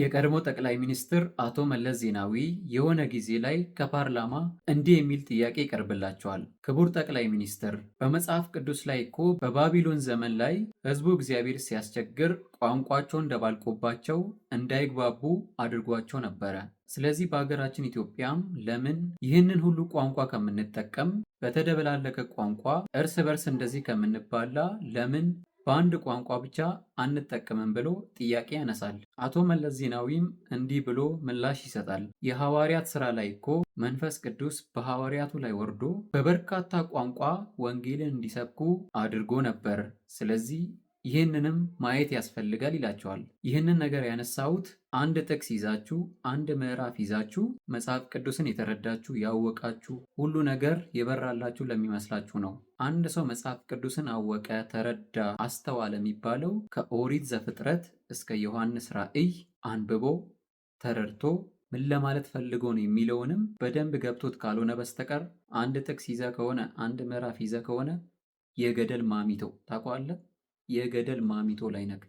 የቀድሞ ጠቅላይ ሚኒስትር አቶ መለስ ዜናዊ የሆነ ጊዜ ላይ ከፓርላማ እንዲህ የሚል ጥያቄ ይቀርብላቸዋል። ክቡር ጠቅላይ ሚኒስትር፣ በመጽሐፍ ቅዱስ ላይ እኮ በባቢሎን ዘመን ላይ ሕዝቡ እግዚአብሔር ሲያስቸግር ቋንቋቸውን እንደባልቆባቸው እንዳይግባቡ አድርጓቸው ነበረ። ስለዚህ በሀገራችን ኢትዮጵያም ለምን ይህንን ሁሉ ቋንቋ ከምንጠቀም በተደበላለቀ ቋንቋ እርስ በርስ እንደዚህ ከምንባላ ለምን በአንድ ቋንቋ ብቻ አንጠቀምም ብሎ ጥያቄ ያነሳል። አቶ መለስ ዜናዊም እንዲህ ብሎ ምላሽ ይሰጣል። የሐዋርያት ሥራ ላይ እኮ መንፈስ ቅዱስ በሐዋርያቱ ላይ ወርዶ በበርካታ ቋንቋ ወንጌልን እንዲሰብኩ አድርጎ ነበር። ስለዚህ ይህንንም ማየት ያስፈልጋል ይላቸዋል። ይህንን ነገር ያነሳሁት አንድ ጥቅስ ይዛችሁ አንድ ምዕራፍ ይዛችሁ መጽሐፍ ቅዱስን የተረዳችሁ ያወቃችሁ፣ ሁሉ ነገር የበራላችሁ ለሚመስላችሁ ነው። አንድ ሰው መጽሐፍ ቅዱስን አወቀ፣ ተረዳ፣ አስተዋለ የሚባለው ከኦሪት ዘፍጥረት እስከ ዮሐንስ ራእይ አንብቦ ተረድቶ ምን ለማለት ፈልጎ ነው የሚለውንም በደንብ ገብቶት ካልሆነ በስተቀር አንድ ጥቅስ ይዘ ከሆነ አንድ ምዕራፍ ይዘ ከሆነ የገደል ማሚተው ታውቀዋለህ። የገደል ማሚቶ ላይ ነክ